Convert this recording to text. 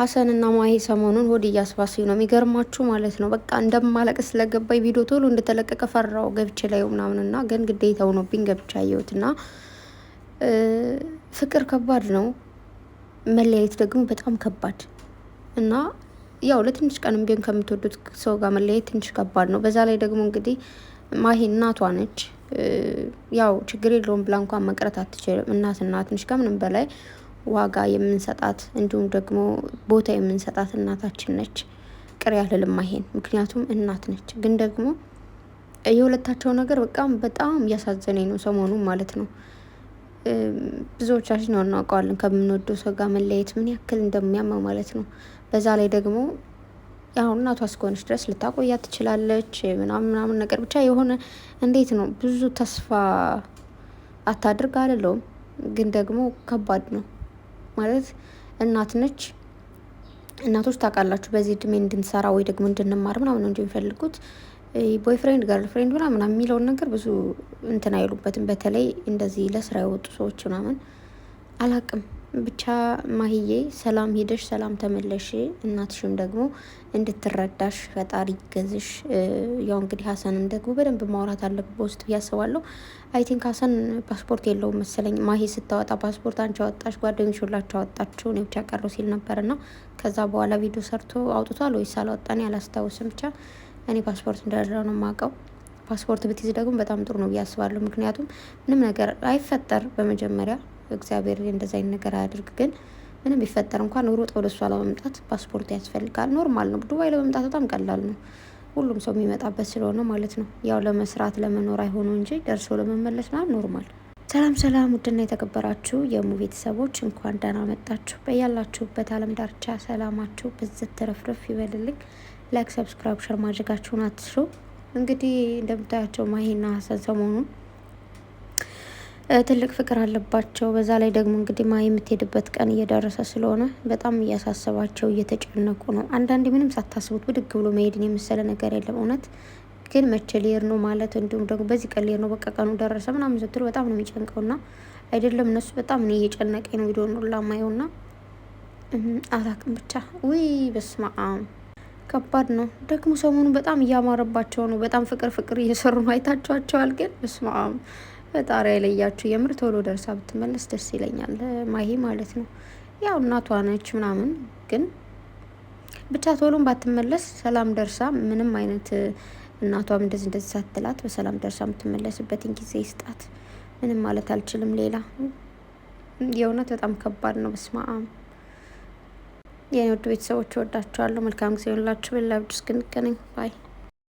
ሀሰን ማሄ ሰሞኑን ሆድ እያስባሰኝ ነው የሚገርማችሁ ማለት ነው። በቃ እንደማለቅ ስለገባኝ ቪዲዮ ቶሎ እንደተለቀቀ ፈራው ገብቼ ላይ ምናምንና ግን ግዴታ ሆኖብኝ ገብቼ አየሁትና ፍቅር ከባድ ነው፣ መለያየት ደግሞ በጣም ከባድ እና ያው ለትንሽ ቀንም ቢሆን ከምትወዱት ሰው ጋር መለያየት ትንሽ ከባድ ነው። በዛ ላይ ደግሞ እንግዲህ ማሄ እናቷ ነች። ያው ችግር የለውም ብላ እንኳን መቅረት አትችልም። እናት እናትንሽ ከምንም በላይ ዋጋ የምንሰጣት እንዲሁም ደግሞ ቦታ የምንሰጣት እናታችን ነች። ቅር ያልልም ይሄን ምክንያቱም እናት ነች። ግን ደግሞ የሁለታቸው ነገር በጣም በጣም እያሳዘነኝ ነው ሰሞኑ ማለት ነው። ብዙዎቻችን ነው እናውቀዋለን ከምንወደው ሰው ጋር መለየት ምን ያክል እንደሚያማ ማለት ነው። በዛ ላይ ደግሞ ያው እናቷ እስከሆነች ድረስ ልታቆያ ትችላለች ምናምን ምናምን ነገር ብቻ የሆነ እንዴት ነው ብዙ ተስፋ አታድርግ አልለውም፣ ግን ደግሞ ከባድ ነው። ማለት እናት ነች። እናቶች ታውቃላችሁ፣ በዚህ እድሜ እንድንሰራ ወይ ደግሞ እንድንማር ምናምን ነው እንጂ የሚፈልጉት ቦይፍሬንድ ገርል ፍሬንድ ምናምን የሚለውን ነገር ብዙ እንትን አይሉበትም። በተለይ እንደዚህ ለስራ የወጡ ሰዎች ምናምን አላቅም ብቻ ማህዬ ሰላም ሄደሽ ሰላም ተመለሽ። እናትሽም ደግሞ እንድትረዳሽ ፈጣሪ ይገዝሽ። ያው እንግዲህ ሀሰንም ደግሞ በደንብ ማውራት አለብ በውስጥ ብዬ አስባለሁ። አይ ቲንክ ሀሰን ፓስፖርት የለውም መሰለኝ። ማሄ ስታወጣ ፓስፖርት አንቺ አወጣሽ፣ ጓደኞች ሁላቸው አወጣችሁ፣ እኔ ብቻ ቀረሁ ሲል ነበር እና ከዛ በኋላ ቪዲዮ ሰርቶ አውጥቷል ወይስ አላወጣን ያላስታውስም። ብቻ እኔ ፓስፖርት እንደሌለው ነው የማውቀው። ፓስፖርት ብትይዝ ደግሞ በጣም ጥሩ ነው ብዬ አስባለሁ። ምክንያቱም ምንም ነገር አይፈጠር በመጀመሪያ እግዚአብሔር እንደዛ አይነት ነገር አያድርግ። ግን ምንም ቢፈጠር እንኳን ሮጠ ወደ እሷ ለመምጣት ፓስፖርት ያስፈልጋል። ኖርማል ነው። ዱባይ ለመምጣት በጣም ቀላል ነው። ሁሉም ሰው የሚመጣበት ስለሆነ ማለት ነው። ያው ለመስራት ለመኖር አይሆኑ እንጂ ደርሶ ለመመለስ ማለት ኖርማል። ሰላም ሰላም፣ ውድና የተከበራችሁ የሙ ቤተሰቦች እንኳን ደህና መጣችሁ። በያላችሁበት አለም ዳርቻ ሰላማችሁ ብዝት ረፍረፍ ይበልልኝ። ላይክ፣ ሰብስክራይብ፣ ሸር ማድረጋችሁን አትሹ። እንግዲህ እንደምታያቸው ማሂና ሀሰን ሰሞኑን ትልቅ ፍቅር አለባቸው። በዛ ላይ ደግሞ እንግዲህ ማ የምትሄድበት ቀን እየደረሰ ስለሆነ በጣም እያሳሰባቸው እየተጨነቁ ነው። አንዳንዴ ምንም ሳታስቡት ብድግ ብሎ መሄድን የመሰለ ነገር የለም። እውነት ግን መቼ ሊሄድ ነው ማለት እንዲሁም ደግሞ በዚህ ቀን ሊሄድ ነው በቃ ቀኑ ደረሰ ምናምን ስትሉ በጣም ነው የሚጨንቀውና አይደለም እነሱ በጣም እኔ እየጨነቀኝ ነው ቪዲዮ ነው ና አላቅም ብቻ ውይ በስማ ከባድ ነው። ደግሞ ሰሞኑ በጣም እያማረባቸው ነው። በጣም ፍቅር ፍቅር እየሰሩ ነው። አይታችኋቸዋል ግን በስማ ፈጣሪ አይለያችሁ። የምር ቶሎ ደርሳ ብትመለስ ደስ ይለኛል። ማሄ ማለት ነው ያው እናቷ ነች ምናምን፣ ግን ብቻ ቶሎም ባትመለስ ሰላም ደርሳ ምንም አይነት እናቷም እንደዚህ እንደዚህ ሳትላት በሰላም ደርሳ የምትመለስበትን ጊዜ ይስጣት። ምንም ማለት አልችልም። ሌላ የእውነት በጣም ከባድ ነው። በስመ አብ የኔ ውድ ቤተሰቦች እወዳችኋለሁ። መልካም ጊዜ ሆንላችሁ። በሌላ ቪዲዮ ባይ